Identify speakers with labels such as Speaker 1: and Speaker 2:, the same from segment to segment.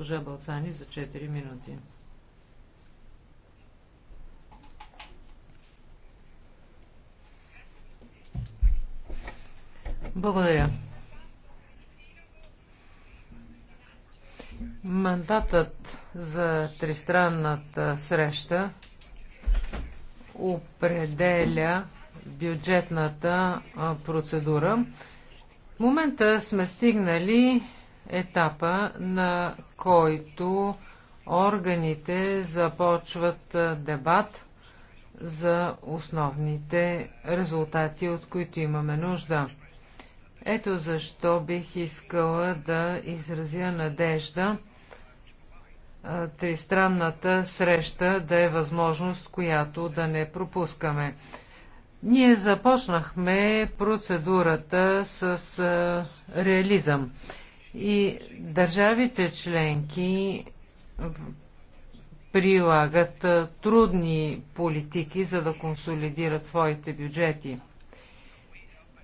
Speaker 1: госпожа Балцани за 4 минути. Благодаря. Мандатът за тристранната среща определя бюджетната процедура. В момента сме стигнали етапа, на който органите започват дебат за основните резултати, от които имаме нужда. Ето защо бих искала да изразя надежда тристранната среща да е възможност, която да не пропускаме. Ние започнахме процедурата с реализъм. И държавите членки прилагат трудни политики, за да консолидират своите бюджети.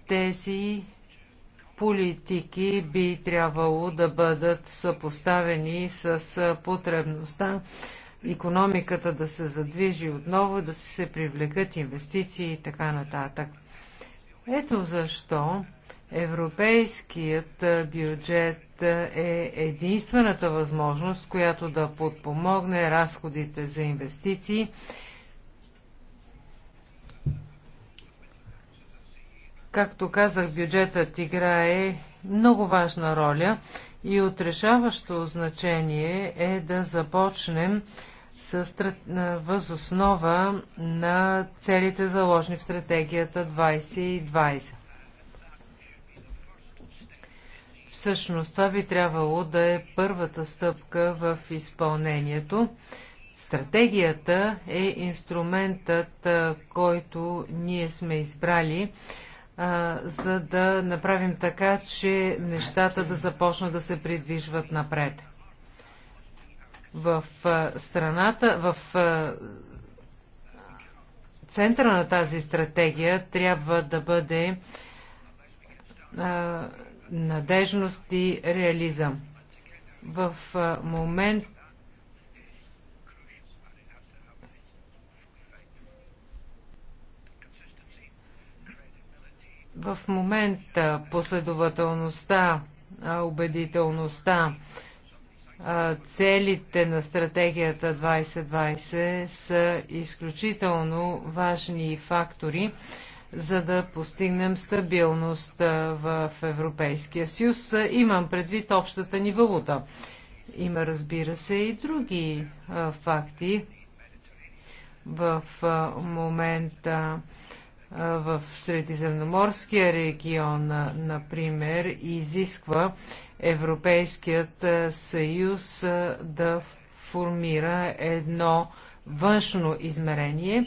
Speaker 1: Тези политики би трябвало да бъдат съпоставени с потребността економиката да се задвижи отново, да се привлекат инвестиции и така нататък. Ето защо Европейският бюджет е единствената възможност, която да подпомогне разходите за инвестиции, Както казах, бюджетът играе много важна роля и отрешаващо значение е да започнем с възоснова на целите заложени в стратегията 2020. Всъщност това би трябвало да е първата стъпка в изпълнението. Стратегията е инструментът, който ние сме избрали, а, за да направим така, че нещата да започнат да се придвижват напред. В страната, в центъра на тази стратегия трябва да бъде а, надежност и реализъм. В момент в момента последователността, убедителността, целите на стратегията 2020 са изключително важни фактори, за да постигнем стабилност в Европейския съюз. Имам предвид общата ни валута. Има, разбира се, и други факти. В момента в Средиземноморския регион, например, изисква Европейският съюз да формира едно външно измерение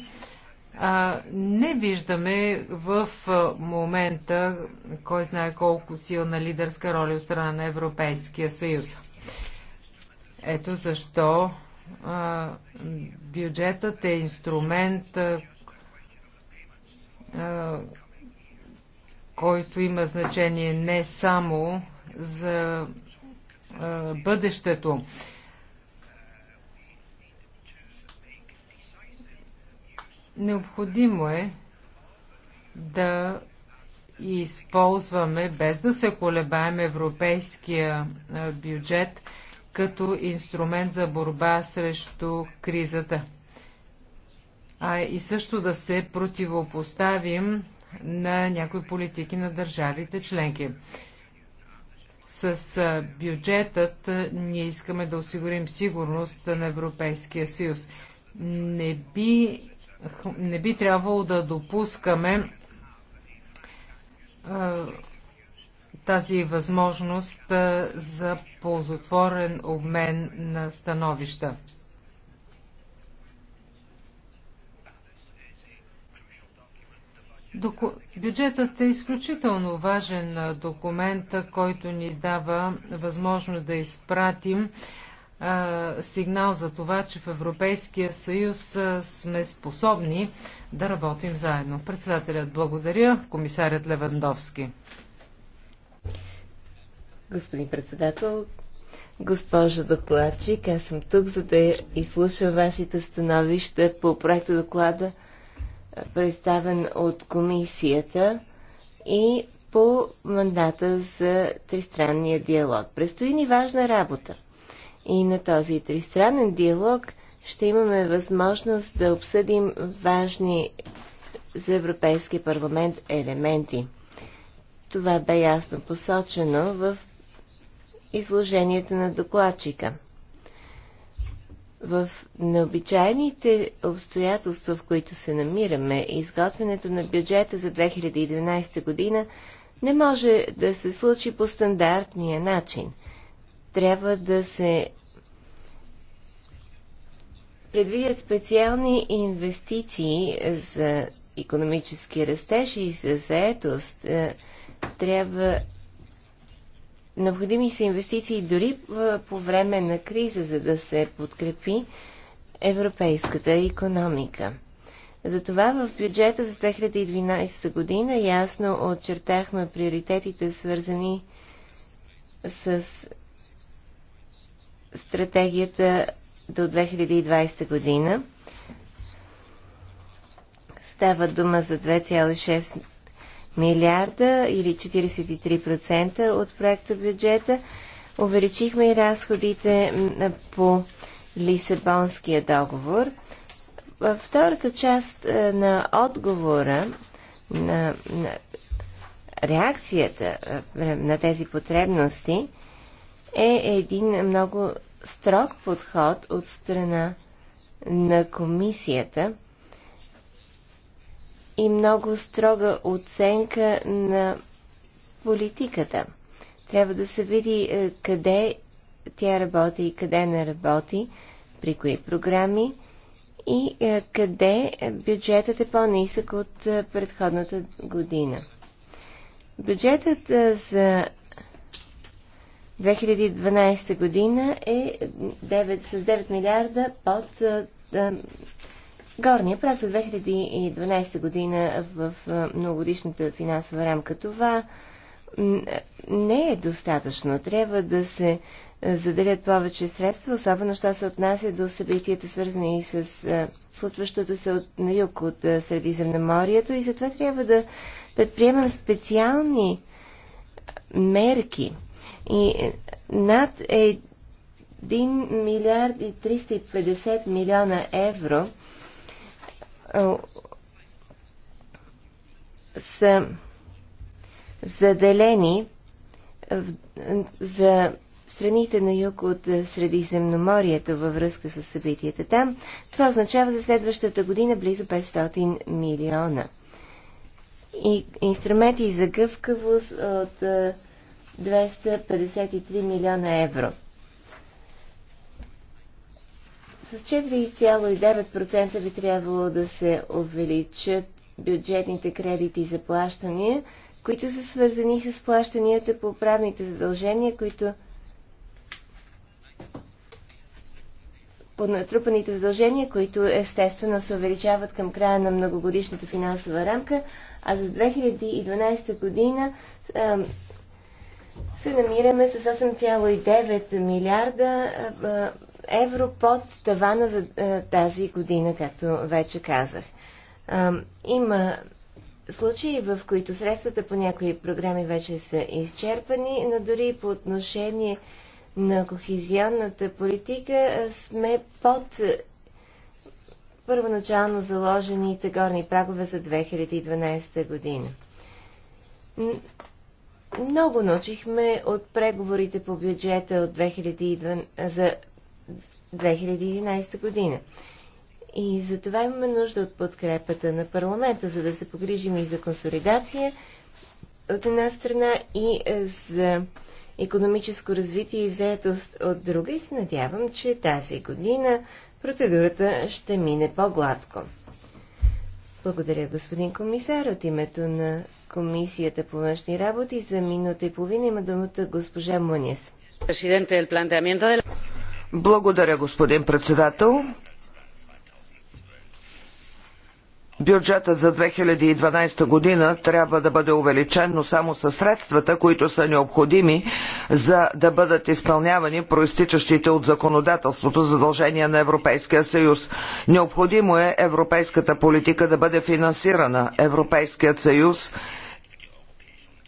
Speaker 1: а, не виждаме в момента кой знае колко силна лидерска роля от страна на Европейския съюз. Ето защо а, бюджетът е инструмент, а, който има значение не само за а, бъдещето. А, Необходимо е да използваме, без да се колебаем, европейския бюджет като инструмент за борба срещу кризата. А и също да се противопоставим на някои политики на държавите членки. С бюджетът ние искаме да осигурим сигурност на Европейския съюз. Не би не би трябвало да допускаме тази възможност за ползотворен обмен на становища. Доку... Бюджетът е изключително важен документ, който ни дава възможност да изпратим а, сигнал за това, че в Европейския съюз а, сме способни да работим заедно. Председателят благодаря, комисарят Левандовски.
Speaker 2: Господин председател, госпожо докладчик, аз съм тук, за да изслушам вашите становища по проекта доклада, представен от комисията и по мандата за тристранния диалог. Престои ни важна работа – и на този тристранен диалог ще имаме възможност да обсъдим важни за Европейския парламент елементи. Това бе ясно посочено в изложението на докладчика. В необичайните обстоятелства, в които се намираме, изготвянето на бюджета за 2012 година не може да се случи по стандартния начин – трябва да се предвидят специални инвестиции за економически растеж и за заетост. Е, трябва Необходими са инвестиции дори по време на криза, за да се подкрепи европейската економика. Затова в бюджета за 2012 година ясно очертахме приоритетите, свързани с стратегията до 2020 година. Става дума за 2,6 милиарда или 43% от проекта бюджета. Увеличихме и разходите по Лисабонския договор. Във втората част е, на отговора на, на реакцията е, на тези потребности е един много строг подход от страна на комисията и много строга оценка на политиката. Трябва да се види е, къде тя работи и къде не работи, при кои програми и е, къде бюджетът е по-нисък от е, предходната година. Бюджетът за 2012 година е 9, с 9 милиарда под а, горния прак за 2012 година в многодишната многогодишната финансова рамка. Това не е достатъчно. Трябва да се заделят повече средства, особено що се отнася до събитията, свързани с а, случващото се от, на юг от а, Средиземноморието и затова трябва да предприемам специални мерки – и над 1 милиард и 350 милиона евро са заделени за страните на юг от Средиземноморието във връзка с събитията там. Това означава за следващата година близо 500 милиона. И инструменти за гъвкавост от 253 милиона евро. С 4,9% би трябвало да се увеличат бюджетните кредити за плащания, които са свързани с плащанията по правните задължения, които по натрупаните задължения, които естествено се увеличават към края на многогодишната финансова рамка, а за 2012 година се намираме с 8,9 милиарда евро под тавана за тази година, както вече казах. Има случаи, в които средствата по някои програми вече са изчерпани, но дори по отношение на кохезионната политика сме под първоначално заложените горни прагове за 2012 година. Много научихме от преговорите по бюджета от 2012, за 2011 година. И за това имаме нужда от подкрепата на парламента, за да се погрижим и за консолидация от една страна и е, за економическо развитие и заетост от друга. И се надявам, че тази година процедурата ще мине по-гладко. Благодаря, господин комисар. От името на Комисията по външни работи за минута и половина има думата госпожа Мунис.
Speaker 3: Е, Благодаря, господин председател. бюджетът за 2012 година трябва да бъде увеличен, но само със средствата, които са необходими за да бъдат изпълнявани проистичащите от законодателството задължения на Европейския съюз. Необходимо е европейската политика да бъде финансирана. Европейският съюз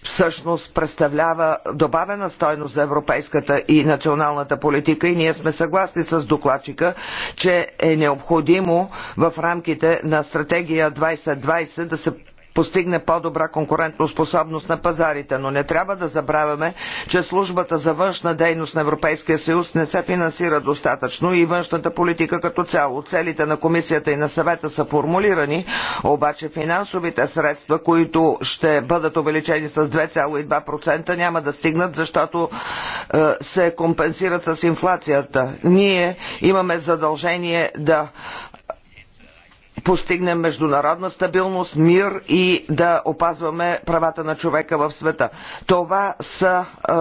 Speaker 3: всъщност представлява добавена стойност за европейската и националната политика и ние сме съгласни с докладчика, че е необходимо в рамките на стратегия 2020 да се постигне по-добра конкурентоспособност на пазарите. Но не трябва да забравяме, че службата за външна дейност на Европейския съюз не се финансира достатъчно и външната политика като цяло. Целите на комисията и на съвета са формулирани, обаче финансовите средства, които ще бъдат увеличени с 2,2% няма да стигнат, защото е, се компенсират с инфлацията. Ние имаме задължение да постигнем международна стабилност, мир и да опазваме правата на човека в света. Това са е,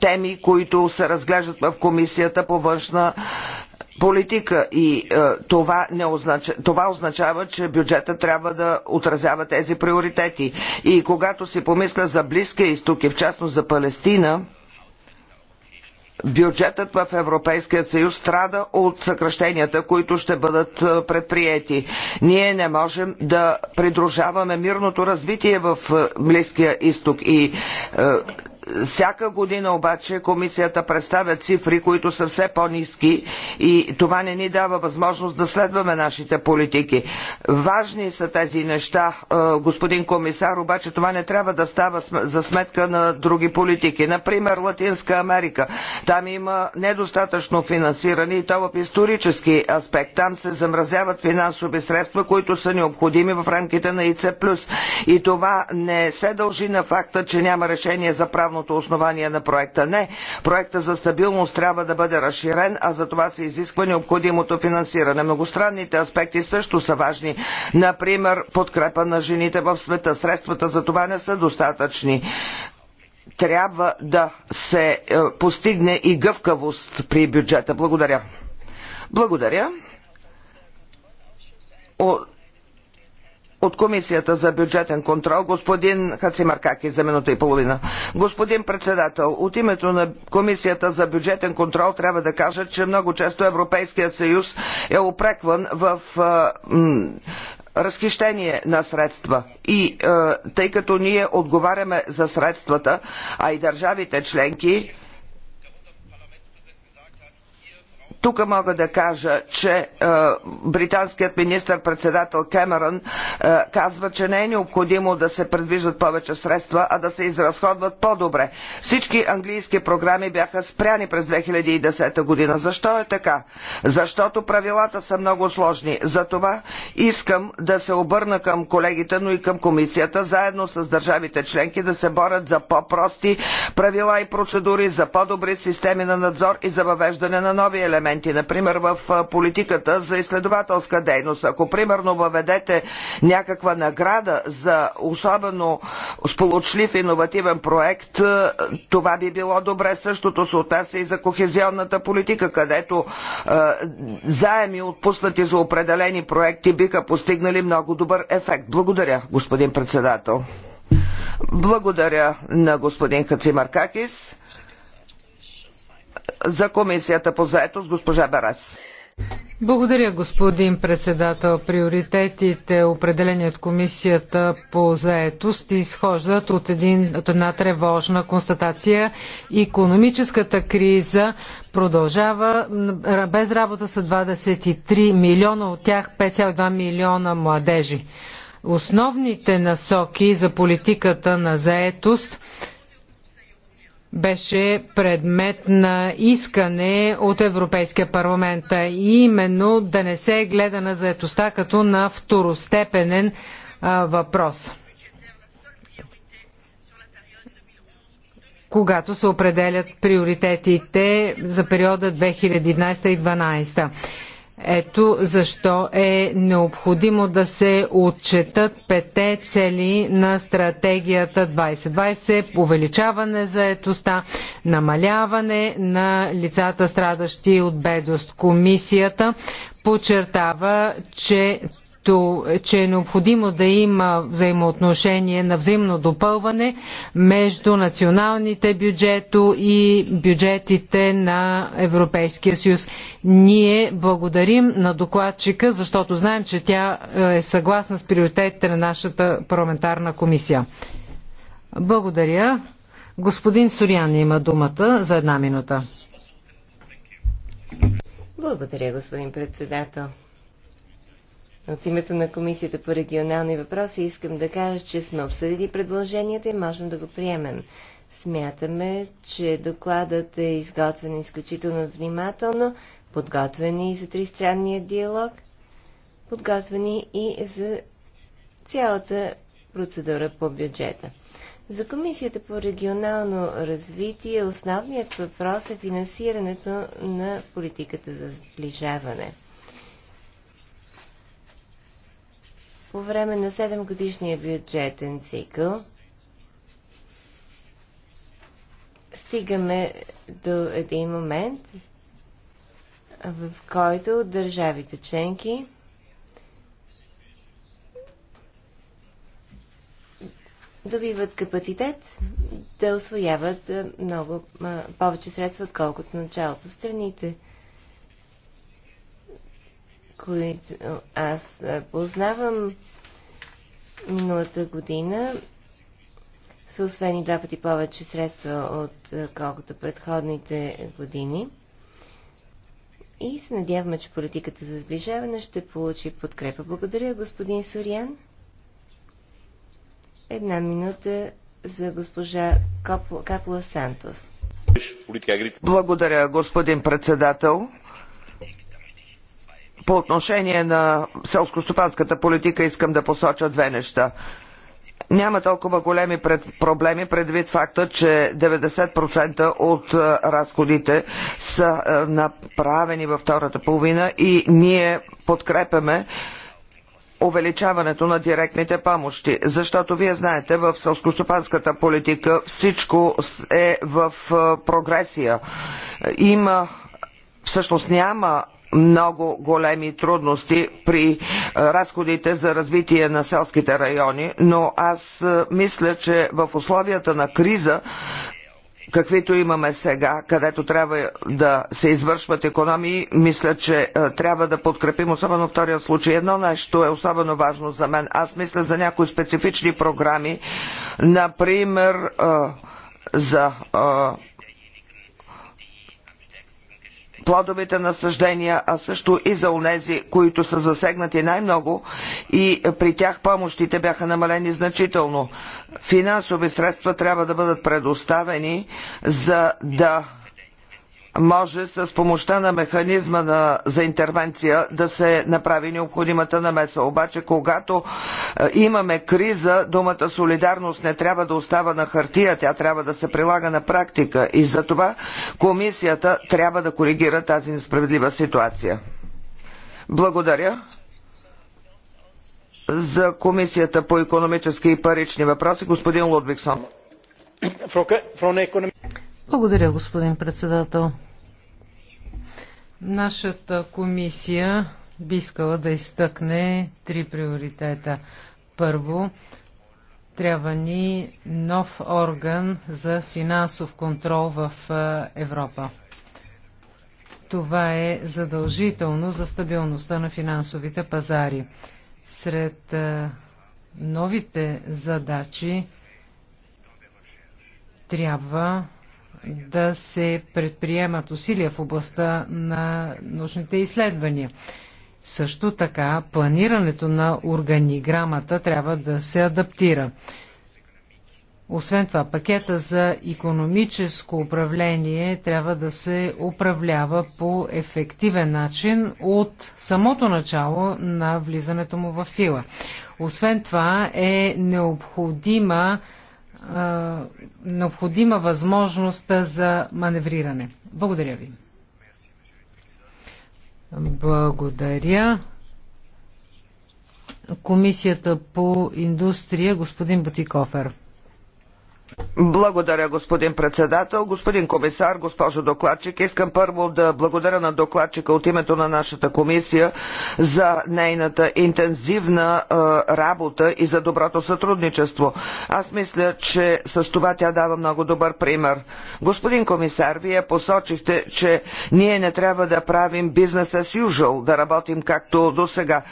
Speaker 3: теми, които се разглеждат в Комисията по външна политика и е, това, не означава, това означава, че бюджета трябва да отразява тези приоритети. И когато си помисля за Близкия изток и в частност за Палестина, бюджетът в Европейския съюз страда от съкръщенията, които ще бъдат предприяти. Ние не можем да придружаваме мирното развитие в Близкия изток и всяка година обаче комисията представя цифри, които са все по-низки и това не ни дава възможност да следваме нашите политики. Важни са тези неща, е, господин комисар, обаче това не трябва да става за сметка на други политики. Например, Латинска Америка. Там има недостатъчно финансиране и то в исторически аспект. Там се замразяват финансови средства, които са необходими в рамките на ИЦ+. И това не се дължи на факта, че няма решение за правно правното основание на проекта. Не, проекта за стабилност трябва да бъде разширен, а за това се изисква необходимото финансиране. Многостранните аспекти също са важни. Например, подкрепа на жените в света. Средствата за това не са достатъчни трябва да се е, постигне и гъвкавост при бюджета. Благодаря. Благодаря от Комисията за бюджетен контрол, господин Хацимаркаки, за минута и половина. Господин председател, от името на Комисията за бюджетен контрол трябва да кажа, че много често Европейският съюз е опрекван в разхищение на средства. И тъй като ние отговаряме за средствата, а и държавите членки, Тук мога да кажа, че е, британският министр-председател Кемерън е, казва, че не е необходимо да се предвиждат повече средства, а да се изразходват по-добре. Всички английски програми бяха спряни през 2010 година. Защо е така? Защото правилата са много сложни. Затова искам да се обърна към колегите, но и към комисията, заедно с държавите членки да се борят за по-прости правила и процедури, за по-добри системи на надзор и за въвеждане на нови елементи елементи, например в политиката за изследователска дейност. Ако примерно въведете някаква награда за особено сполучлив иновативен проект, това би било добре. Същото се отнася и за кохезионната политика, където е, заеми отпуснати за определени проекти биха постигнали много добър ефект. Благодаря, господин председател. Благодаря на господин Хацимаркакис за Комисията по заетост госпожа Барас.
Speaker 1: Благодаря, господин председател. Приоритетите, определени от Комисията по заетост, изхождат от, един, от една тревожна констатация. Економическата криза продължава без работа са 23 милиона, от тях 5,2 милиона младежи. Основните насоки за политиката на заетост – беше предмет на искане от Европейския парламент. И именно да не се гледа на заетостта като на второстепенен а, въпрос. когато се определят приоритетите за периода 2011 и 2012. Ето защо е необходимо да се отчетат пете цели на стратегията 2020 увеличаване заетостта, намаляване на лицата страдащи от бедост. Комисията подчертава, че както че е необходимо да има взаимоотношение на взаимно допълване между националните бюджето и бюджетите на Европейския съюз. Ние благодарим на докладчика, защото знаем, че тя е, е съгласна с приоритетите на нашата парламентарна комисия. Благодаря. Господин Сорян има думата за една минута.
Speaker 2: Благодаря, господин председател. От името на Комисията по регионални въпроси искам да кажа, че сме обсъдили предложението и можем да го приемем. Смятаме, че докладът е изготвен изключително внимателно, подготвени и за тристранния диалог, подготвени и за цялата процедура по бюджета. За Комисията по регионално развитие основният въпрос е финансирането на политиката за сближаване – по време на 7 годишния бюджетен цикъл стигаме до един момент, в който държавите членки добиват капацитет да освояват много повече средства, отколкото началото. Страните които аз познавам миналата година, са освени два пъти повече средства, от колкото предходните години. И се надяваме, че политиката за сближаване ще получи подкрепа. Благодаря, господин Сориан. Една минута за госпожа Капла Сантос.
Speaker 3: Благодаря, господин председател. По отношение на селско-стопанската политика искам да посоча две неща. Няма толкова големи пред проблеми предвид факта, че 90% от разходите са направени във втората половина и ние подкрепяме увеличаването на директните помощи, защото вие знаете, в селскостопанската политика всичко е в прогресия. Има всъщност няма много големи трудности при е, разходите за развитие на селските райони, но аз е, мисля, че в условията на криза каквито имаме сега, където трябва да се извършват економии, мисля, че е, трябва да подкрепим, особено втория случай. Едно нещо е особено важно за мен. Аз мисля за някои специфични програми, например за плодовите насъждения, а също и за онези, които са засегнати най-много и при тях помощите бяха намалени значително. Финансови средства трябва да бъдат предоставени, за да може с помощта на механизма на, за интервенция да се направи необходимата намеса. Обаче, когато е, имаме криза, думата солидарност не трябва да остава на хартия, тя трябва да се прилага на практика и затова комисията трябва да коригира тази несправедлива ситуация. Благодаря за Комисията по економически и парични въпроси, господин Лудвиксон.
Speaker 1: Благодаря, господин председател. Нашата комисия би искала да изтъкне три приоритета. Първо, трябва ни нов орган за финансов контрол в Европа. Това е задължително за стабилността на финансовите пазари. Сред новите задачи трябва да се предприемат усилия в областта на научните изследвания. Също така, планирането на органиграмата трябва да се адаптира. Освен това, пакета за економическо управление трябва да се управлява по ефективен начин от самото начало на влизането му в сила. Освен това е необходима необходима възможност за маневриране. Благодаря ви. Благодаря. Комисията по индустрия, господин Бутикофер.
Speaker 3: Благодаря, господин председател. Господин комисар, госпожо докладчик, искам първо да благодаря на докладчика от името на нашата комисия за нейната интензивна е, работа и за доброто сътрудничество. Аз мисля, че с това тя дава много добър пример. Господин комисар, вие посочихте, че ние не трябва да правим бизнес as usual, да работим както до сега.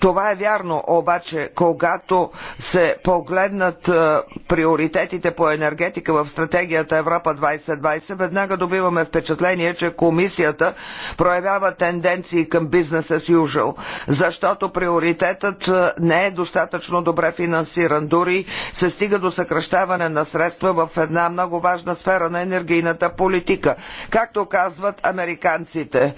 Speaker 3: Това е вярно, обаче когато се погледнат е, приоритетите, промените по енергетика в стратегията Европа 2020, веднага добиваме впечатление, че комисията проявява тенденции към бизнес as usual, защото приоритетът не е достатъчно добре финансиран. Дори се стига до съкръщаване на средства в една много важна сфера на енергийната политика. Както казват американците,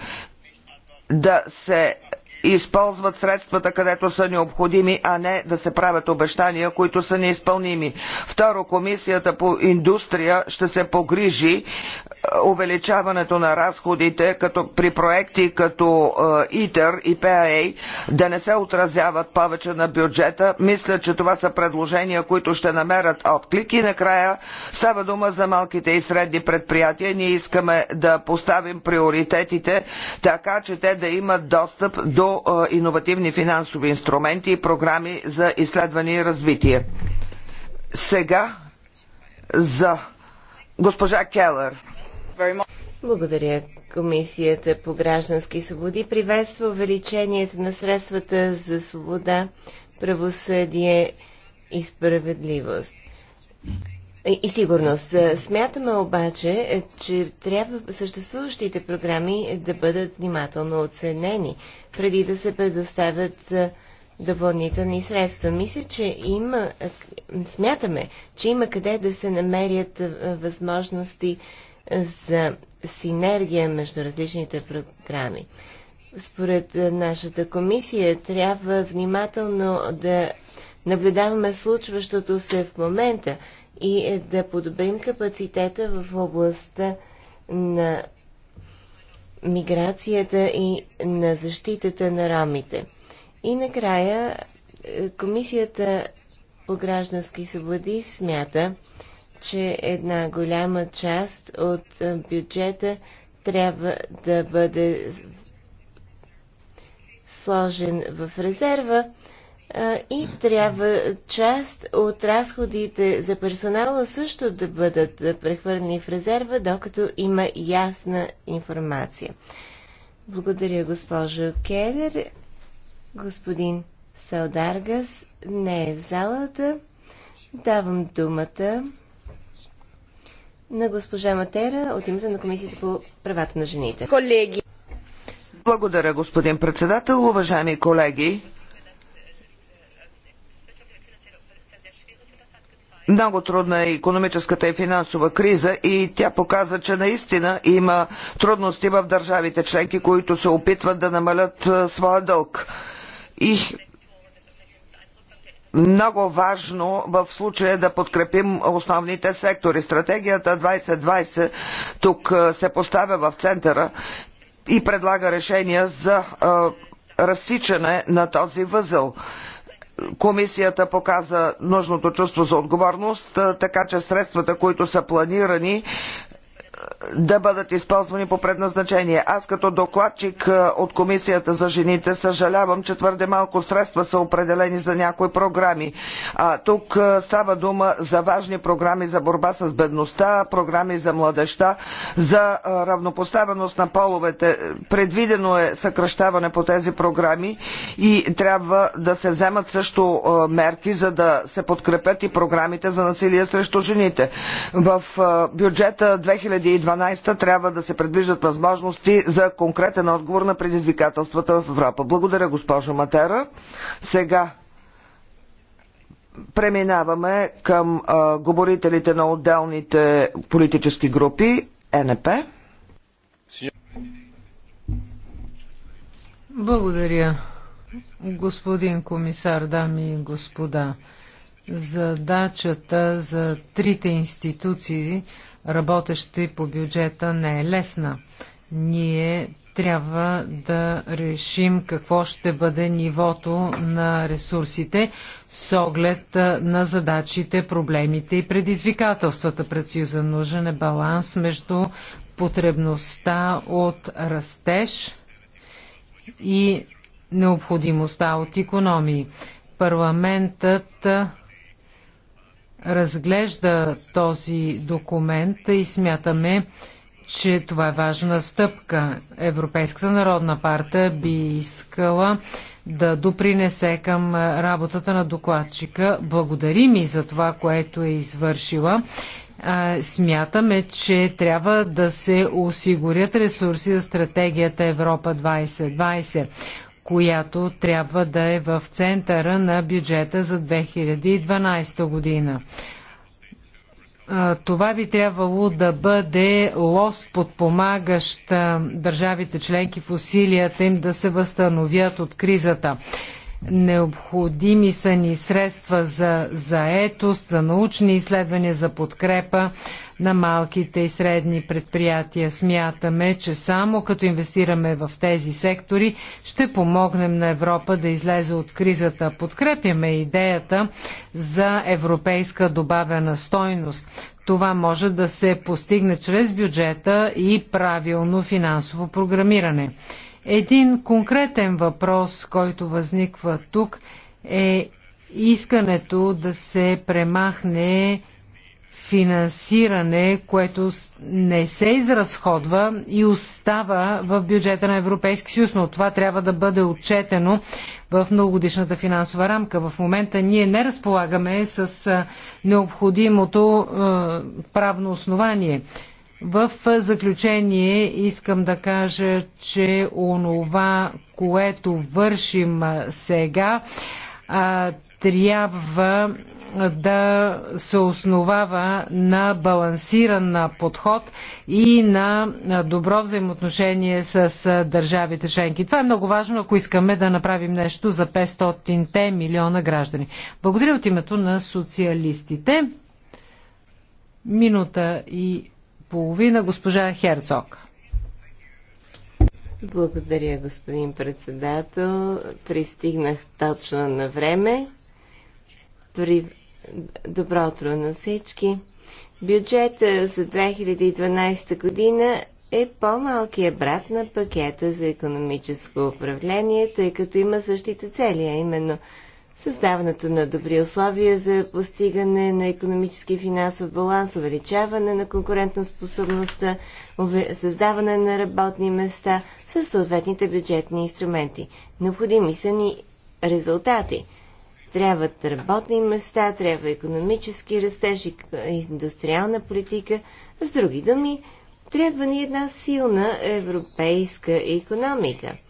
Speaker 3: да се използват средствата където са необходими, а не да се правят обещания, които са неизпълними. Второ, комисията по индустрия ще се погрижи е, увеличаването на разходите като при проекти като е, ИТЕР и ПАА е да не се отразяват повече на бюджета. Мисля, че това са предложения, които ще намерят отклик и накрая става дума за малките и средни предприятия. Ние искаме да поставим приоритетите така, че те да имат достъп до е, иновативни финансови инструменти и програми за изследване и развитие. Сега за
Speaker 2: госпожа Келър. Благодаря. Комисията по граждански свободи приветства увеличението на средствата за свобода, правосъдие и справедливост и сигурност. Смятаме обаче, е, че трябва съществуващите програми да бъдат внимателно оценени, преди да се предоставят е, допълнителни средства. Мисля, че има, е, смятаме, че има къде да се намерят възможности за синергия между различните програми. Според нашата комисия трябва внимателно да наблюдаваме случващото се в момента и е, да подобрим капацитета в областта на миграцията и на защитата на ромите. И накрая е, Комисията по граждански свободи смята, че една голяма част от е, бюджета трябва да бъде сложен в резерва, и трябва част от разходите за персонала също да бъдат прехвърлени в резерва, докато има ясна информация. Благодаря, госпожо Келер. Господин Салдаргас не е в залата. Давам думата на госпожа Матера от името на Комисията по правата на жените. Колеги! Благодаря, господин председател. Уважаеми колеги,
Speaker 3: много трудна е економическата и финансова криза и тя показа, че наистина има трудности в държавите членки, които се опитват да намалят своя дълг. И много важно в случая е да подкрепим основните сектори. Стратегията 2020 тук се поставя в центъра и предлага решения за разсичане на този възел комисията показа нужното чувство за отговорност, така че средствата, които са планирани, да бъдат използвани по предназначение. Аз като докладчик е, от Комисията за жените съжалявам, че твърде малко средства са определени за някои програми. А, тук е, става дума за важни програми за борба с бедността, програми за младеща, за е, равнопоставеност на половете. Предвидено е съкръщаване по тези програми и трябва да се вземат също мерки, за да се подкрепят и програмите за насилие срещу жените. В бюджета 2000 2012 трябва да се предвиждат възможности за конкретен отговор на предизвикателствата в Европа. Благодаря, госпожо Матера. Сега преминаваме към а, говорителите на отделните политически групи. Е НП.
Speaker 1: Благодаря, господин комисар, дами и господа. Задачата за трите институции работещи по бюджета не е лесна. Ние трябва да решим какво ще бъде нивото на ресурсите с оглед на задачите, проблемите и предизвикателствата пред Съюза. Е нужен е баланс между потребността от растеж и необходимостта от економии. Парламентът разглежда този документ и смятаме, че това е важна стъпка. Европейската народна партия би искала да допринесе към работата на докладчика. Благодари ми за това, което е извършила. Смятаме, че трябва да се осигурят ресурси за стратегията Европа 2020 която трябва да е в центъра на бюджета за 2012 година. Това би трябвало да бъде лост подпомагащ държавите членки в усилията им да се възстановят от кризата. Необходими са ни средства за заетост, за научни изследвания, за подкрепа на малките и средни предприятия. Смятаме, че само като инвестираме в тези сектори, ще помогнем на Европа да излезе от кризата. Подкрепяме идеята за европейска добавена стойност. Това може да се постигне чрез бюджета и правилно финансово програмиране. Един конкретен въпрос, който възниква тук е искането да се премахне финансиране, което не се изразходва и остава в бюджета на Европейски съюз, но това трябва да бъде отчетено в многогодишната финансова рамка. В момента ние не разполагаме с необходимото правно основание. В заключение искам да кажа, че онова, което вършим сега, трябва да се основава на балансиран подход и на добро взаимоотношение с държавите членки. Това е много важно, ако искаме да направим нещо за 500-те милиона граждани. Благодаря от името на социалистите. Минута и половина госпожа Херцог.
Speaker 2: Благодаря, господин председател. Пристигнах точно на време. При... Добро утро на всички. Бюджета за 2012 година е по-малкият брат на пакета за економическо управление, тъй като има същите цели, а именно – създаването на добри условия за постигане на економически и финансов баланс, увеличаване на конкурентоспособността, създаване на работни места с съответните бюджетни инструменти. Необходими са ни резултати. Трябват работни места, трябва економически растеж, индустриална политика. С други думи, трябва ни една силна европейска економика –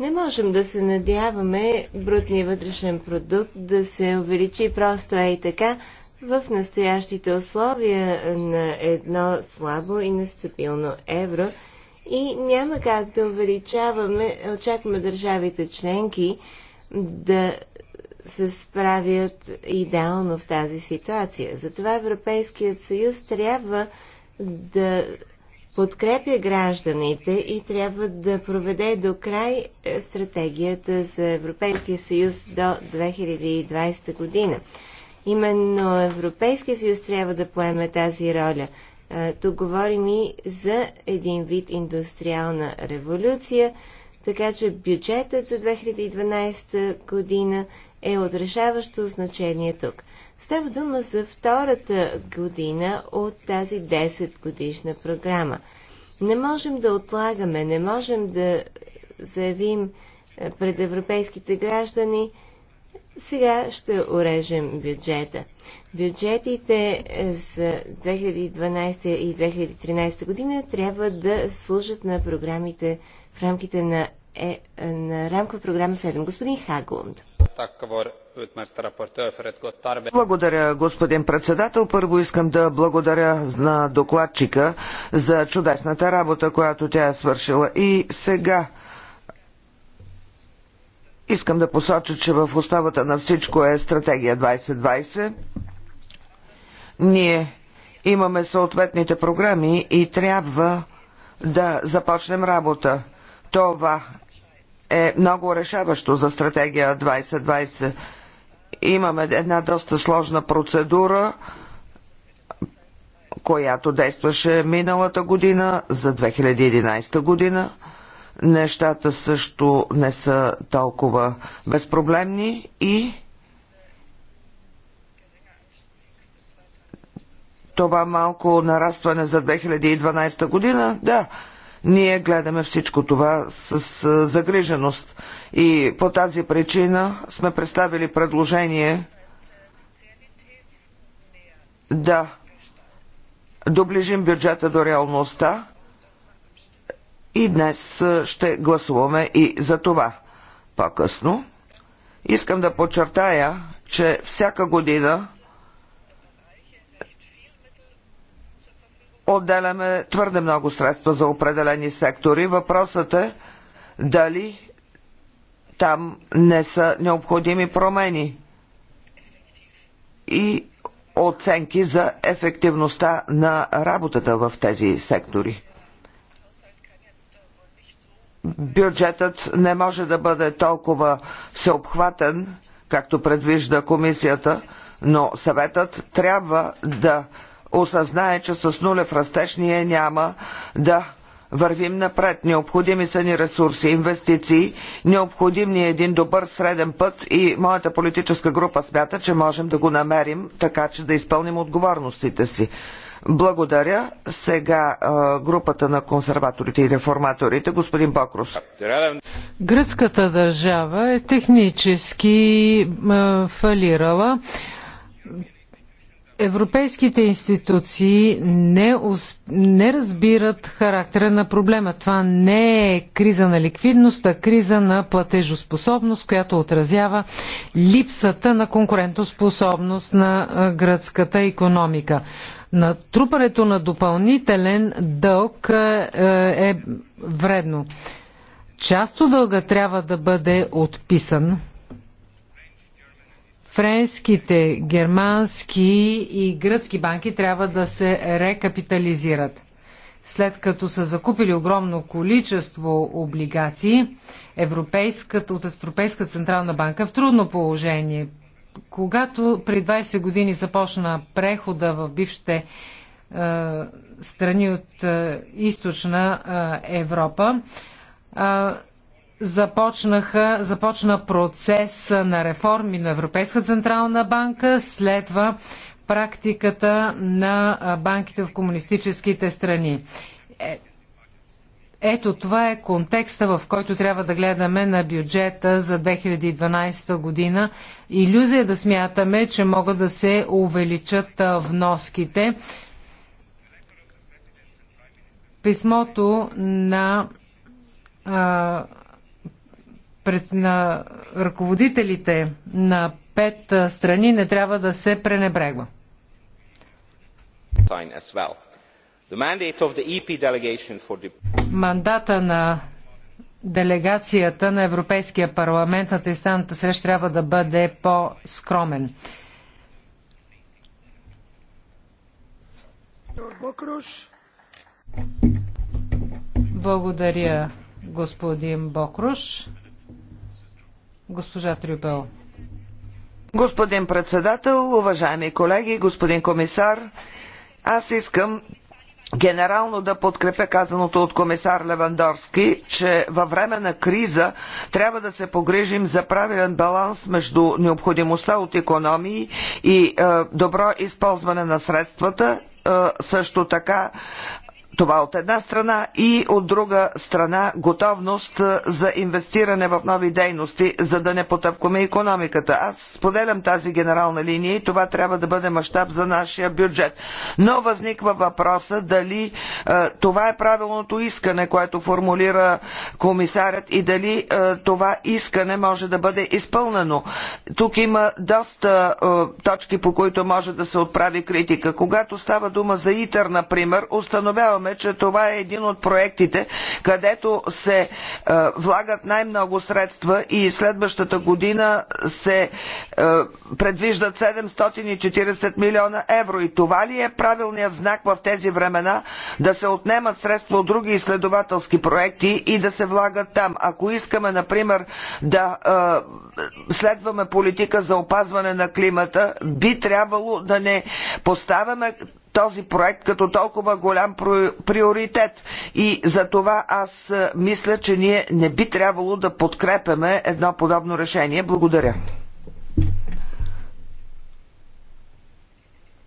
Speaker 2: не можем да се надяваме брутния вътрешен продукт да се увеличи просто е и така в настоящите условия на едно слабо и нестабилно евро и няма как да увеличаваме, очакваме държавите членки да се справят идеално в тази ситуация. Затова Европейският съюз трябва да подкрепя гражданите и трябва да проведе до край е, стратегията за Европейския съюз до 2020 година. Именно Европейския съюз трябва да поеме тази роля. Е, тук говорим и за един вид индустриална революция, така че бюджетът за 2012 година е отрешаващо значение тук. Става дума за втората година от тази 10 годишна програма. Не можем да отлагаме, не можем да заявим е, пред европейските граждани, сега ще урежем бюджета. Бюджетите е, за 2012 и 2013 година трябва да служат на програмите в рамките на, е, на рамкова програма 7. Господин Хаглунд.
Speaker 3: Благодаря, господин председател. Първо искам да благодаря на докладчика за чудесната работа, която тя е свършила. И сега искам да посоча, че в основата на всичко е стратегия 2020. Ние имаме съответните програми и трябва да започнем работа. Това е много решаващо за стратегия 2020. Имаме една доста сложна процедура, която действаше миналата година за 2011 година. Нещата също не са толкова безпроблемни и това малко нарастване за 2012 година, да, ние гледаме всичко това с, с загриженост и по тази причина сме представили предложение да доближим бюджета до реалността и днес ще гласуваме и за това по-късно. Искам да подчертая, че всяка година отделяме твърде много средства за определени сектори. Въпросът е дали там не са необходими промени и оценки за ефективността на работата в тези сектори. Бюджетът не може да бъде толкова всеобхватен, както предвижда комисията, но съветът трябва да осъзнае, че с нулев растеж ние няма да вървим напред. Необходими са ни ресурси, инвестиции, необходим ни е един добър среден път и моята политическа група смята, че можем да го намерим, така че да изпълним отговорностите си. Благодаря. Сега групата на консерваторите и реформаторите, господин Бокрус.
Speaker 1: Гръцката държава е технически фалирала. Европейските институции не, усп... не разбират характера на проблема. Това не е криза на ликвидност, а криза на платежоспособност, която отразява липсата на конкурентоспособност на гръцката економика. Натрупането на допълнителен дълг е, е вредно. Част от дълга трябва да бъде отписан френските, германски и гръцки банки трябва да се рекапитализират. След като са закупили огромно количество облигации, Европейската, от Европейска централна банка в трудно положение. Когато при 20 години започна прехода в бившите е, страни от е, източна е, Европа, е, започнаха, започна процес на реформи на Европейска централна банка, следва практиката на банките в комунистическите страни. Е, ето това е контекста, в който трябва да гледаме на бюджета за 2012 година. Иллюзия да смятаме, че могат да се увеличат вноските. Писмото на пред на ръководителите на пет страни не трябва да се пренебрегва.
Speaker 3: E
Speaker 1: Мандата на делегацията на Европейския парламент на тристанната среща трябва да бъде по-скромен. Благодаря, господин Бокруш. Госпожа
Speaker 3: Господин председател, уважаеми колеги, господин комисар, аз искам генерално да подкрепя казаното от комисар Левандорски, че във време на криза трябва да се погрижим за правилен баланс между необходимостта от економии и е, добро използване на средствата е, също така това от една страна и от друга страна готовност за инвестиране в нови дейности, за да не потъпкаме економиката. Аз споделям тази генерална линия и това трябва да бъде мащаб за нашия бюджет. Но възниква въпроса дали е, това е правилното искане, което формулира комисарят и дали е, това искане може да бъде изпълнено. Тук има доста е, точки, по които може да се отправи критика. Когато става дума за ИТЕР, например, установяваме, забравяме, че това е един от проектите, където се е, влагат най-много средства и следващата година се е, предвиждат 740 милиона евро. И това ли е правилният знак в тези времена да се отнемат средства от други изследователски проекти и да се влагат там? Ако искаме, например, да е, следваме политика за опазване на климата, би трябвало да не поставяме този проект като толкова голям приоритет. И за това аз мисля, че ние не би трябвало да подкрепяме едно подобно решение. Благодаря.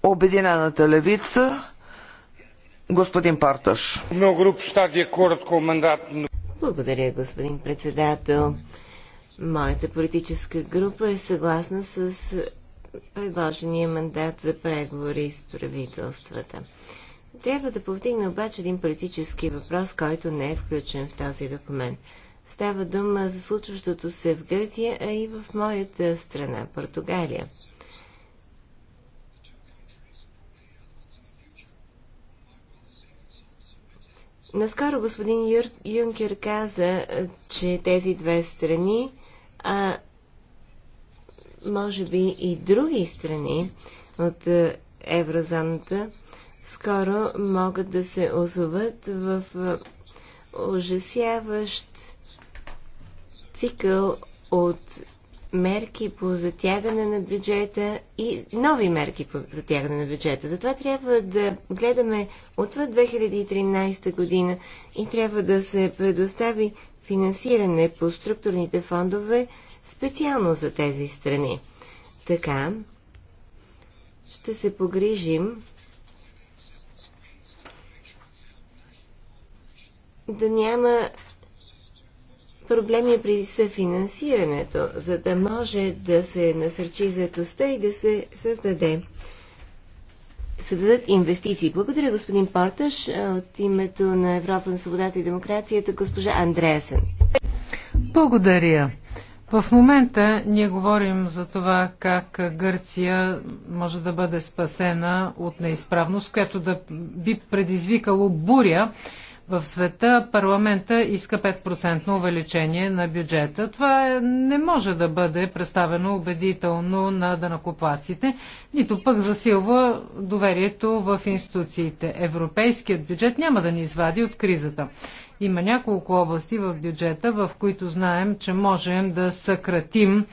Speaker 3: Обединената левица, господин Парташ.
Speaker 2: Е Благодаря, господин председател. Моята политическа група е съгласна с предложения мандат за преговори с правителствата. Трябва да повдигна обаче един политически въпрос, който не е включен в този документ. Става дума за случващото се в Гърция, а и в моята страна, Португалия. Наскоро господин Юнкер каза, че тези две страни а, може би и други страни от е, еврозоната скоро могат да се озоват в е, ужасяващ цикъл от мерки по затягане на бюджета и нови мерки по затягане на бюджета. Затова трябва да гледаме отвъд 2013 година и трябва да се предостави финансиране по структурните фондове специално за тези страни. Така ще се погрижим да няма проблеми при съфинансирането, за да може да се насърчи заедостта и да се създаде създадат инвестиции. Благодаря, господин Порташ. От името на Европа на свободата и демокрацията, госпожа Андреасен.
Speaker 1: Благодаря. В момента ние говорим за това как Гърция може да бъде спасена от неизправност, която да би предизвикало буря в света. Парламента иска 5% увеличение на бюджета. Това е, не може да бъде представено убедително на данакоплаците, нито пък засилва доверието в институциите. Европейският бюджет няма да ни извади от кризата. Има няколко области в бюджета, в които знаем, че можем да съкратим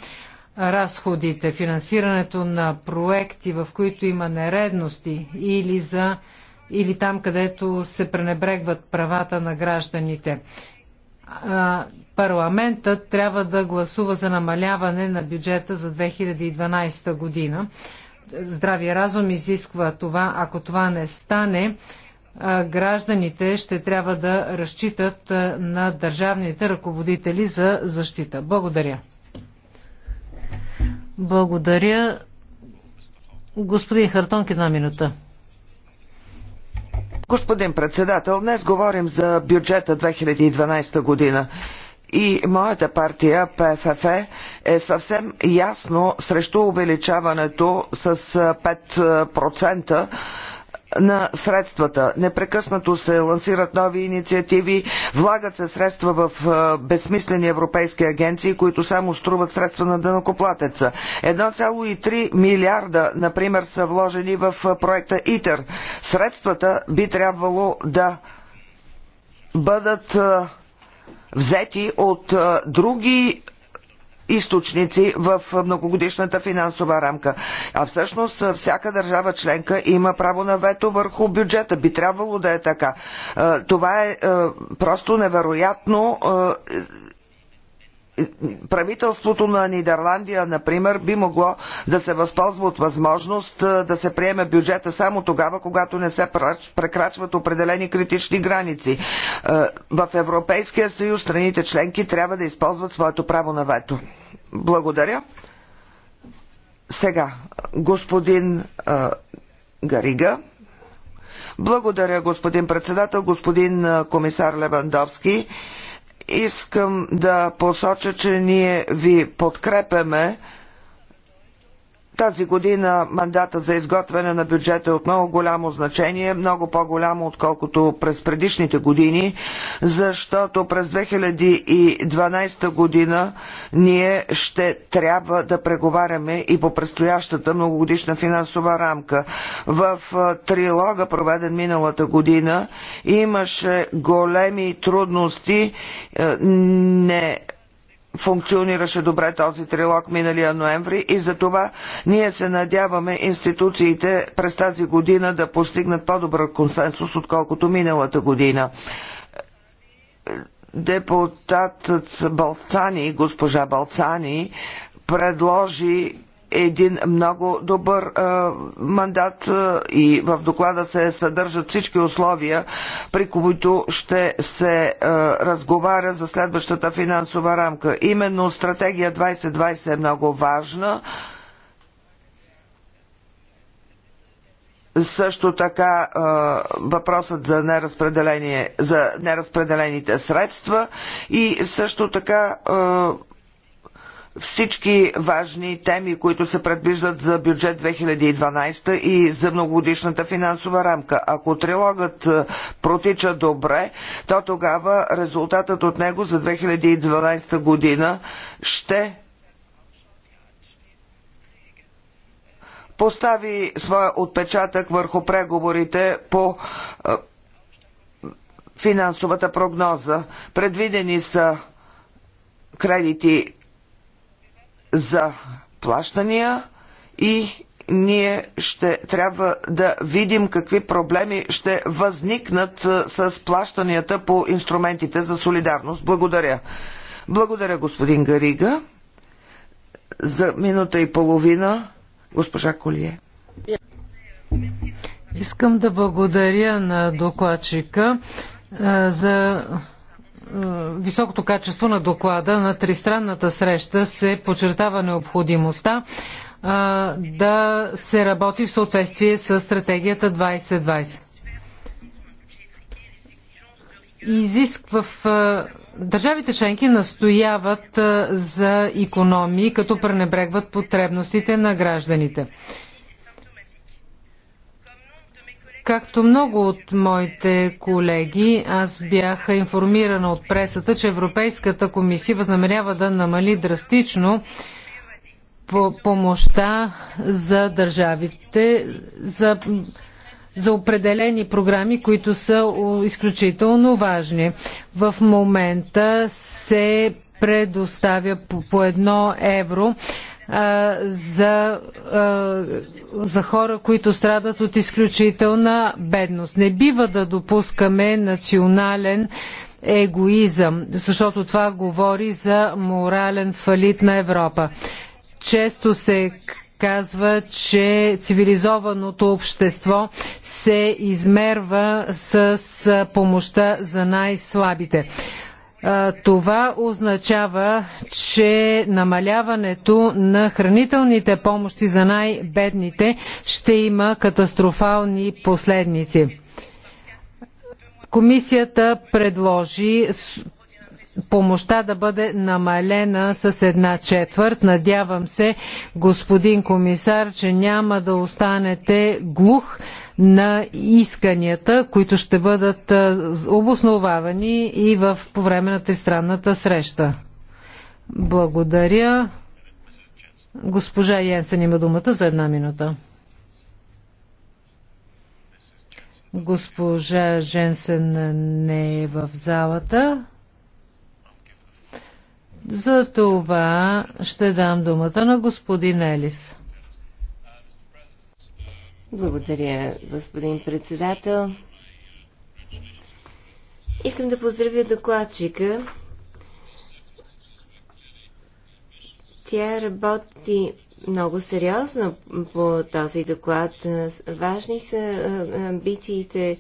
Speaker 1: разходите, финансирането на проекти, в които има нередности или, за, или там, където се пренебрегват правата на гражданите. Парламентът трябва да гласува за намаляване на бюджета за 2012 година. Здравия разум изисква това. Ако това не стане, гражданите ще трябва да разчитат на държавните ръководители за защита. Благодаря. Благодаря. Господин Хартонки, една минута.
Speaker 3: Господин председател, днес говорим за бюджета 2012 година и моята партия ПФФ е съвсем ясно срещу увеличаването с 5% на средствата. Непрекъснато се лансират нови инициативи, влагат се средства в безсмислени европейски агенции, които само струват средства на дънакоплатеца. 1,3 милиарда, например, са вложени в проекта ИТЕР. Средствата би трябвало да бъдат взети от други източници в многогодишната финансова рамка. А всъщност всяка държава членка има право на вето върху бюджета. Би трябвало да е така. Това е просто невероятно правителството на Нидерландия, например, би могло да се възползва от възможност да се приеме бюджета само тогава, когато не се прекрачват определени критични граници. В Европейския съюз страните членки трябва да използват своето право на вето. Благодаря. Сега, господин Гарига. Благодаря, господин председател, господин комисар Левандовски. Искам да посоча, че ние ви подкрепяме тази година мандата за изготвяне на бюджета е от много голямо значение, много по-голямо отколкото през предишните години, защото през 2012 година ние ще трябва да преговаряме и по предстоящата многогодишна финансова рамка. В трилога, проведен миналата година, имаше големи трудности, не функционираше добре този трилог миналия ноември и за това ние се надяваме институциите през тази година да постигнат по-добър консенсус, отколкото миналата година депутатът Балцани, госпожа Балцани, предложи един много добър мандат и в доклада се съдържат всички условия, при които ще се разговаря за следващата финансова рамка. Именно стратегия 2020 е много важна. също така въпросът за, неразпределение, за неразпределените средства и също така всички важни теми, които се предвиждат за бюджет 2012 и за многогодишната финансова рамка. Ако трилогът е, протича добре, то тогава резултатът от него за 2012 година ще постави своя отпечатък върху преговорите по е, финансовата прогноза. Предвидени са кредити за плащания и ние ще трябва да видим какви проблеми ще възникнат с плащанията по инструментите за солидарност. Благодаря. Благодаря, господин Гарига. За минута и половина, госпожа Колие.
Speaker 1: Искам да благодаря на докладчика за е, високото качество на доклада на тристранната среща се подчертава необходимостта а, е, да се работи в съответствие с стратегията 2020. Изисква, в е, държавите членки настояват за економии, като пренебрегват потребностите на гражданите. Както много от моите колеги, аз бях информирана от пресата, че Европейската комисия възнамерява да намали драстично по помощта за държавите, за, за определени програми, които са изключително важни. В момента се предоставя по, по едно евро за, за хора, които страдат от изключителна бедност. Не бива да допускаме национален егоизъм, защото това говори за морален фалит на Европа. Често се казва, че цивилизованото общество се измерва с помощта за най-слабите. Това означава, че намаляването на хранителните помощи за най-бедните ще има катастрофални последници. Комисията предложи помощта да бъде намалена с една четвърт. Надявам се, господин комисар, че няма да останете глух на исканията, които ще бъдат обосновавани и в, по време на тристранната среща. Благодаря. Госпожа Йенсен има думата за една минута. Госпожа Женсен не е в залата. За това ще дам думата на господин Елис.
Speaker 2: Благодаря, господин председател. Искам да поздравя докладчика. Тя работи много сериозно по този доклад. Важни са амбициите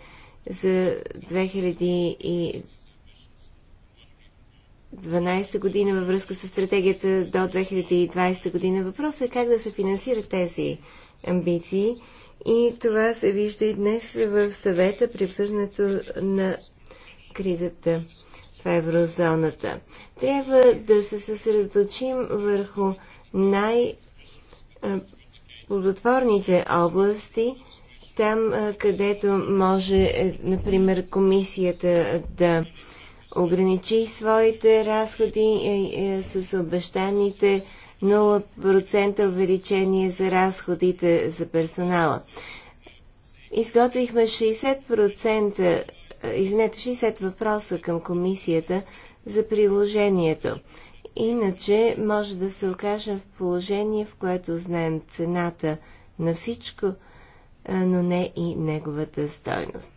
Speaker 2: за 2012 година във връзка с стратегията до 2020 година. Въпросът е как да се финансират тези амбиции и това се вижда и днес в съвета при обсъждането на кризата в еврозоната. Трябва да се съсредоточим върху най-плодотворните области, там където може, е, например, комисията да ограничи своите разходи е, е, с обещаните 0% увеличение за разходите за персонала. Изготвихме 60%, извинете, 60 въпроса към комисията за приложението. Иначе може да се окажем в положение, в което знаем цената на всичко, но не и неговата стойност.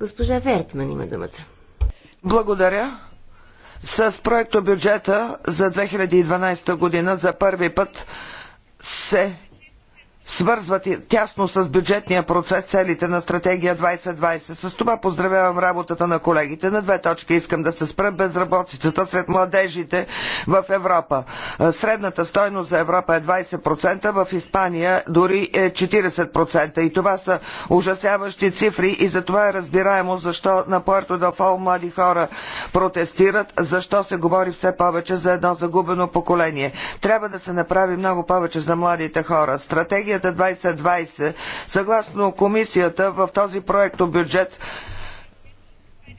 Speaker 2: Госпожа Вертман има думата. Благодаря. С
Speaker 3: проектобюджета бюджета за 2012 година за първи път се свързват тясно с бюджетния процес целите на стратегия 2020. С това поздравявам работата на колегите. На две точки искам да се спра безработицата сред младежите в Европа. Е, средната стойност за Европа е 20%, в Испания дори е 40%. И това са ужасяващи цифри и за това е разбираемо защо на Пуерто да Фол млади хора протестират, защо се говори все повече за едно загубено поколение. Трябва да се направи много повече за младите хора. Стратегия стратегията 2020, съгласно комисията в този проекто бюджет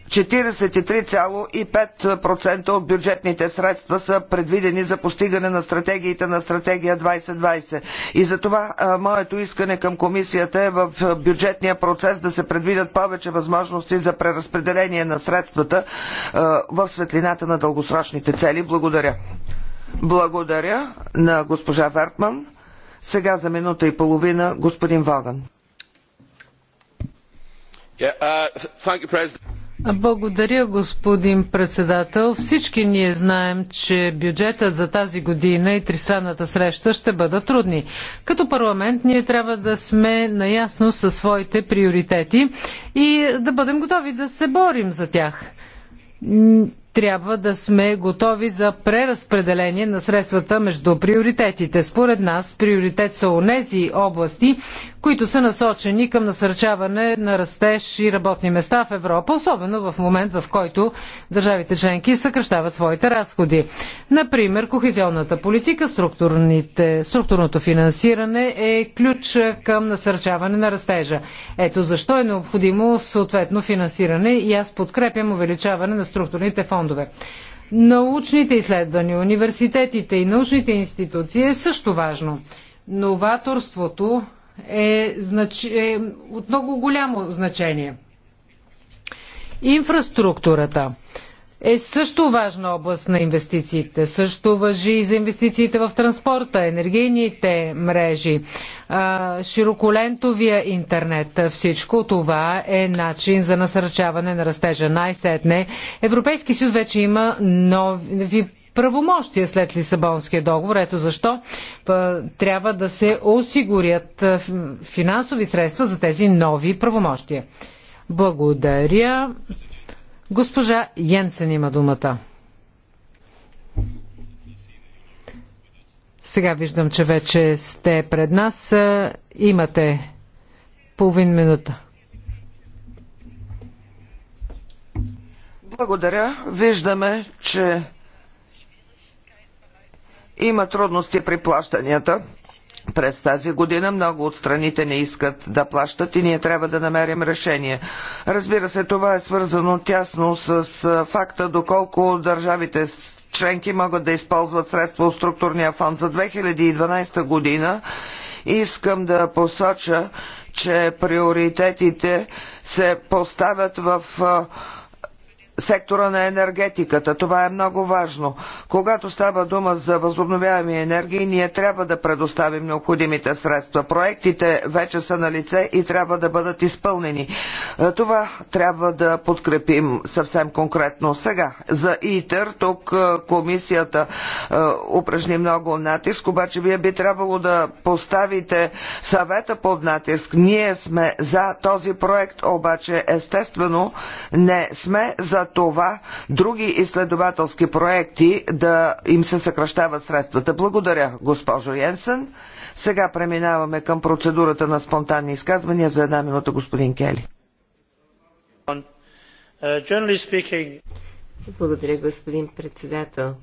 Speaker 3: 43,5% от бюджетните средства са предвидени за постигане на стратегиите на стратегия 2020. И затова моето искане към комисията е в бюджетния процес да се предвидят повече възможности за преразпределение на средствата в светлината на дългосрочните цели. Благодаря. Благодаря на госпожа Вертман. Сега за минута и половина господин Ваган. Uh,
Speaker 1: благодаря, господин председател. Всички ние знаем, че бюджетът за тази година и тристранната среща ще бъдат трудни. Като парламент ние трябва да сме наясно със своите приоритети и да бъдем готови да се борим за тях трябва да сме готови за преразпределение на средствата между приоритетите. Според нас приоритет са онези области, които са насочени към насърчаване на растеж и работни места в Европа, особено в момент в който държавите членки съкръщават своите разходи. Например, кохезионната политика, структурното финансиране е ключ към насърчаване на растежа. Ето защо е необходимо съответно финансиране и аз подкрепям увеличаване на структурните фондове фондове. Научните изследвания, университетите и научните институции е също важно. Новаторството е, знач... е от много голямо значение. Инфраструктурата е също важна област на инвестициите. Също въжи и за инвестициите в транспорта, енергийните мрежи, широколентовия интернет. Всичко това е начин за насърчаване на растежа. Най-сетне Европейски съюз вече има нови правомощия след Лисабонския договор. Ето защо трябва да се осигурят финансови средства за тези нови правомощия. Благодаря. Госпожа Йенсен има думата. Сега виждам, че вече сте пред нас. Имате половин минута.
Speaker 3: Благодаря. Виждаме, че има трудности при плащанията през тази година много от страните не искат да плащат и ние трябва да намерим решение. Разбира се, това е свързано тясно с факта доколко държавите членки могат да използват средства от структурния фонд за 2012 година. Искам да посоча, че приоритетите се поставят в сектора на енергетиката. Това е много важно. Когато става дума за възобновяеми енергии, ние трябва да предоставим необходимите средства. Проектите вече са на лице и трябва да бъдат изпълнени. Е, това трябва да подкрепим съвсем конкретно. Сега, за ИТЕР, тук е, комисията е, упражни много натиск, обаче вие би трябвало да поставите съвета под натиск. Ние сме за този проект, обаче естествено не сме за това други изследователски проекти да им се съкръщават средствата. Благодаря, госпожо Йенсен. Сега преминаваме към процедурата на спонтанни изказвания. За една минута, господин Кели.
Speaker 2: Благодаря, господин председател.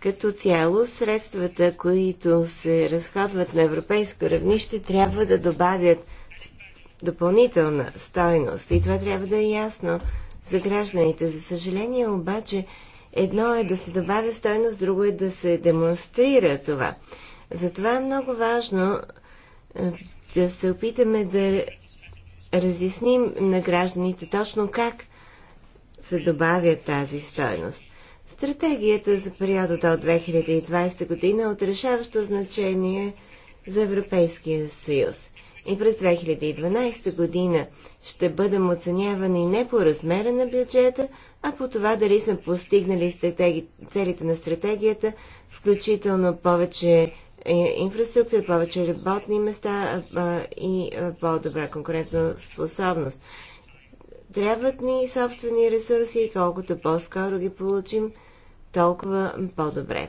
Speaker 2: Като цяло, средствата, които се разходват на европейско равнище, трябва да добавят допълнителна стойност. И това трябва да е ясно за гражданите. За съжаление обаче, едно е да се добавя стойност, друго е да се демонстрира това. Затова е много важно е, да се опитаме да разясним на гражданите точно как се добавя тази стойност. Стратегията за периода до 2020 година е от решаващо значение за Европейския съюз – и през 2012 година ще бъдем оценявани не по размера на бюджета, а по това дали сме постигнали стратеги... целите на стратегията, включително повече е, инфраструктура, повече работни места и по-добра конкурентна способност. Трябват ни собствени ресурси и колкото по-скоро ги получим, толкова по-добре.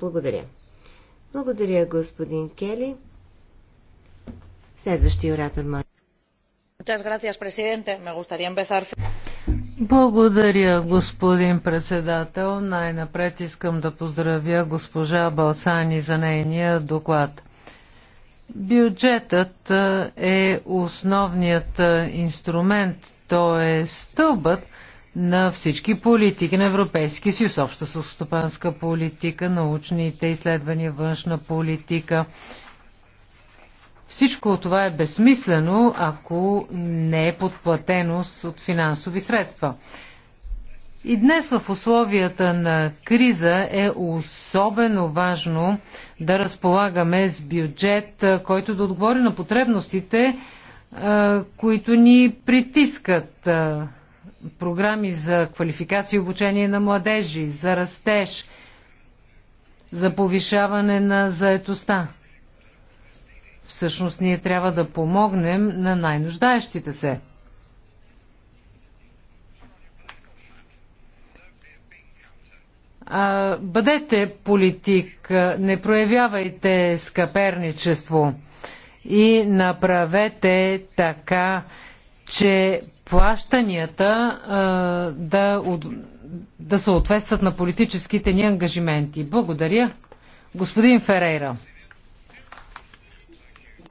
Speaker 2: Благодаря. Благодаря, господин Кели. Следващия оратор Мар.
Speaker 1: Благодаря, господин председател. Най-напред искам да поздравя госпожа Балсани за нейния доклад. Бюджетът е основният инструмент, той е стълбът на всички политики на Европейски съюз, обща стопанска политика, научните изследвания, външна политика, всичко това е безсмислено, ако не е подплатено от финансови средства. И днес в условията на криза е особено важно да разполагаме с бюджет, който да отговори на потребностите, които ни притискат. Програми за квалификация и обучение на младежи, за растеж, за повишаване на заетостта. Всъщност ние трябва да помогнем на най-нуждаещите се. А, бъдете политик, не проявявайте скъперничество и направете така, че плащанията а, да, да съответстват на политическите ни ангажименти. Благодаря. Господин Ферейра.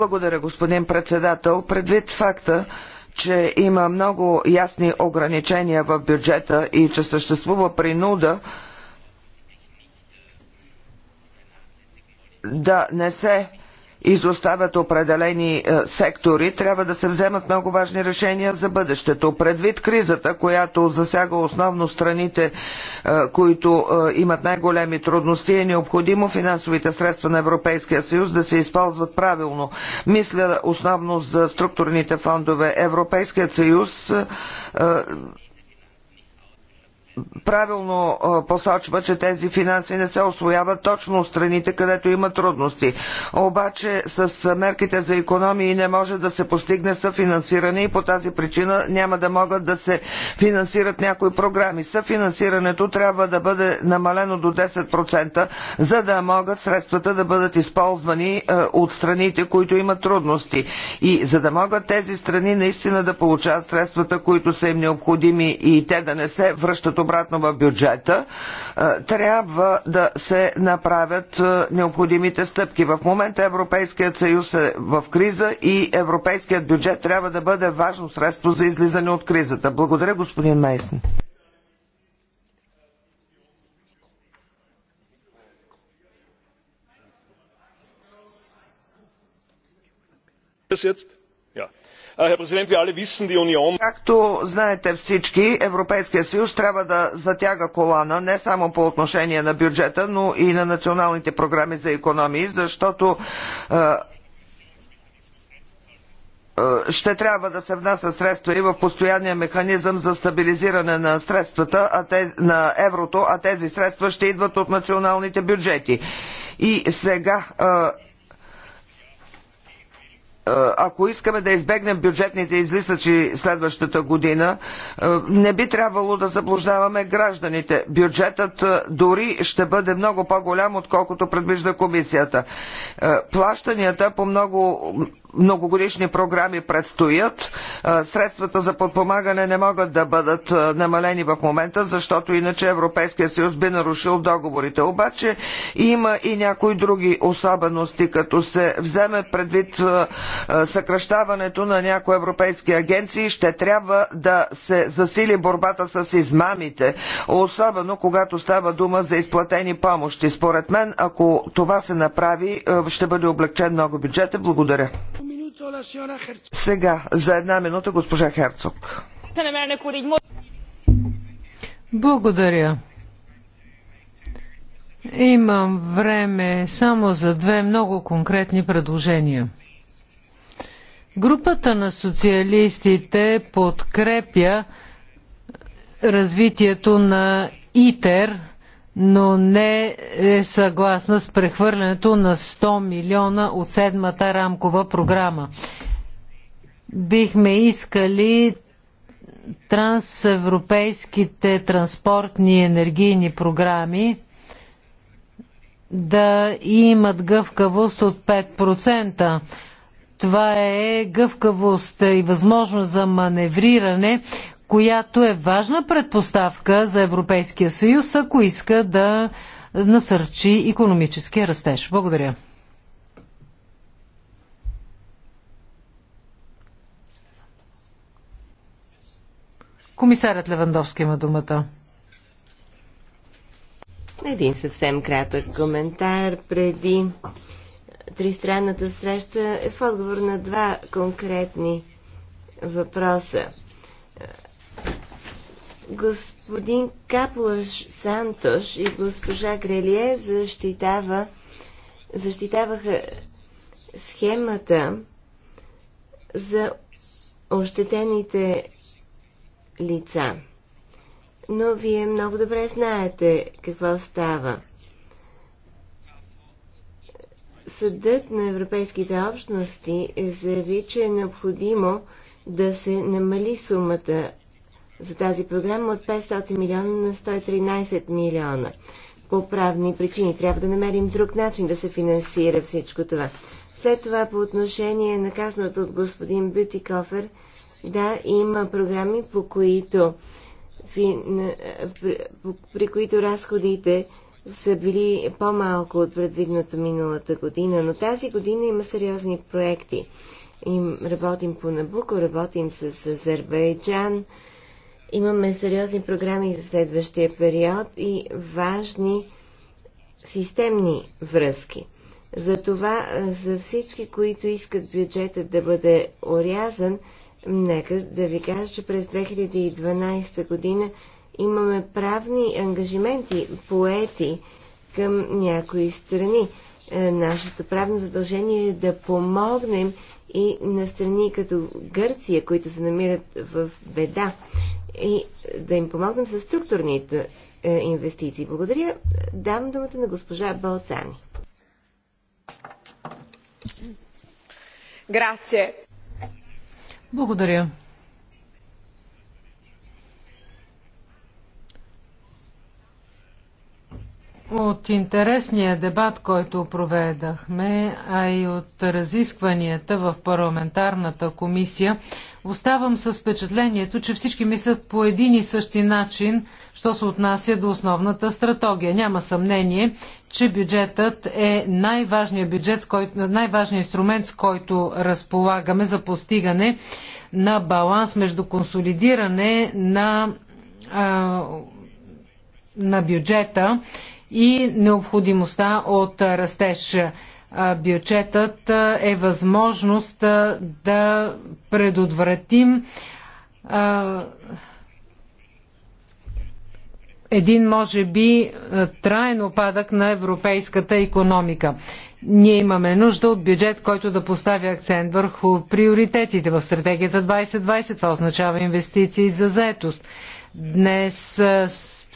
Speaker 3: Благодаря, господин председател. Предвид факта, че има много ясни ограничения в бюджета и че съществува принуда да не се изоставят определени е, сектори, трябва да се вземат много важни решения за бъдещето. Предвид кризата, която засяга основно страните, е, които е, имат най-големи трудности, е необходимо финансовите средства на Европейския съюз да се използват правилно. Мисля основно за структурните фондове. Европейският съюз правилно посочва, че тези финанси не се освояват точно от страните, където има трудности. Обаче с мерките за економии не може да се постигне съфинансиране и по тази причина няма да могат да се финансират някои програми. Съфинансирането трябва да бъде намалено до 10%, за да могат средствата да бъдат използвани от страните, които имат трудности. И за да могат тези страни наистина да получават средствата, които са им необходими и те да не се връщат обратно в бюджета, е, трябва да се направят е, необходимите стъпки. В момента Европейският съюз е в криза и европейският бюджет трябва да бъде важно средство за излизане от кризата. Благодаря, господин Мейсен. bis jetzt? Е Както знаете всички, Европейския съюз трябва да затяга колана не само по отношение на бюджета, но и на националните програми за економии, защото ще трябва да се внася средства и в постоянния механизъм за стабилизиране на средствата а те, на еврото, а тези средства ще идват от националните бюджети. И сега е, ако искаме да избегнем бюджетните излисъчи следващата година, е, не би трябвало да заблуждаваме гражданите. Бюджетът е, дори ще бъде много по-голям, отколкото предвижда комисията. Плащанията по много многогодишни програми предстоят. Е, средствата за подпомагане не могат да бъдат е, намалени в момента, защото иначе Европейския съюз би нарушил договорите. Обаче има и някои други особености, като се вземе предвид е, съкръщаването на някои европейски агенции, ще трябва да се засили борбата с измамите, особено когато става дума за изплатени помощи. Според мен, ако това се направи, ще бъде облегчен много бюджета. Благодаря. Сега, за една минута, госпожа Херцог. Благодаря.
Speaker 1: Имам време само за две много конкретни предложения. Групата на социалистите подкрепя развитието на ИТЕР но не е съгласна с прехвърлянето на 100 милиона от седмата рамкова програма. Бихме искали трансевропейските транспортни и енергийни програми да имат гъвкавост от 5%. Това е гъвкавост и възможност за маневриране която е важна предпоставка за Европейския съюз, ако иска да насърчи економическия растеж. Благодаря. Комисарят Левандовски има думата.
Speaker 2: Един съвсем кратък коментар преди тристранната среща е в отговор на два конкретни въпроса. Господин Каплаш Сантош и госпожа Грелие защитава, защитаваха схемата за ощетените лица. Но вие много добре знаете какво става. Съдът на европейските общности заяви, че е необходимо да се намали сумата за тази програма от 500 милиона на 113 милиона. По правни причини трябва да намерим друг начин да се финансира всичко това. След това по отношение на казаното от господин Бютикофер, да, има програми, по които, при които разходите са били по-малко от предвидната миналата година, но тази година има сериозни проекти. Им работим по Набуко, работим с Азербайджан, Имаме сериозни програми за следващия период и важни системни връзки. Затова за всички, които искат бюджетът да бъде орязан, нека да ви кажа, че през 2012 година имаме правни ангажименти, поети към някои страни. Е, нашето правно задължение е да помогнем и на страни като Гърция, които се намират в беда и да им помогнем с структурните е, инвестиции. Благодаря. Давам думата на госпожа Балцани. Благодаря.
Speaker 1: От интересния дебат, който проведахме, а и от разискванията в парламентарната комисия, оставам с впечатлението, че всички мислят по един и същи начин, що се отнася до основната стратегия. Няма съмнение, че бюджетът е най-важният бюджет, най-важният инструмент, с който разполагаме за постигане на баланс между консолидиране на, а, на бюджета и необходимостта от растеж. Бюджетът е възможност да предотвратим един, може би, траен опадък на европейската економика. Ние имаме нужда от бюджет, който да поставя акцент върху приоритетите в стратегията 2020. Това означава инвестиции за заетост. Днес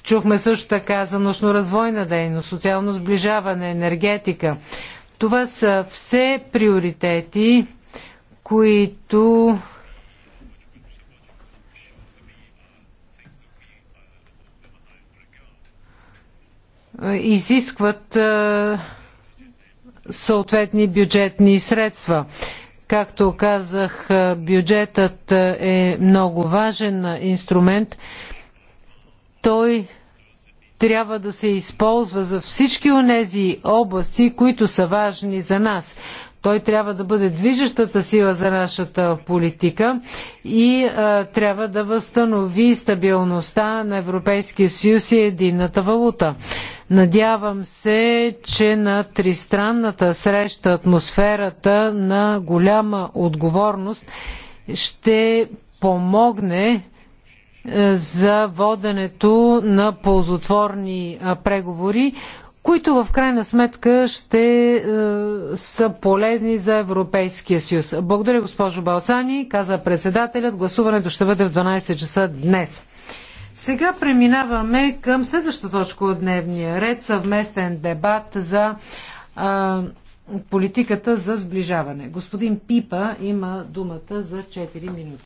Speaker 1: Чухме също така за нощно-развойна дейност, социално сближаване, енергетика. Това са все приоритети, които изискват съответни бюджетни средства. Както казах, бюджетът е много важен инструмент. Той трябва да се използва за всички онези области, които са важни за нас. Той трябва да бъде движещата сила за нашата политика и а, трябва да възстанови стабилността на Европейския съюз и единната валута. Надявам се, че на тристранната среща атмосферата на голяма отговорност ще помогне за воденето на ползотворни преговори, които в крайна сметка ще е, са полезни за Европейския съюз. Благодаря, госпожо Балцани, каза председателят. Гласуването ще бъде в 12 часа днес. Сега преминаваме към следващата точка от дневния ред съвместен дебат за а, политиката за сближаване. Господин Пипа има думата за 4 минути.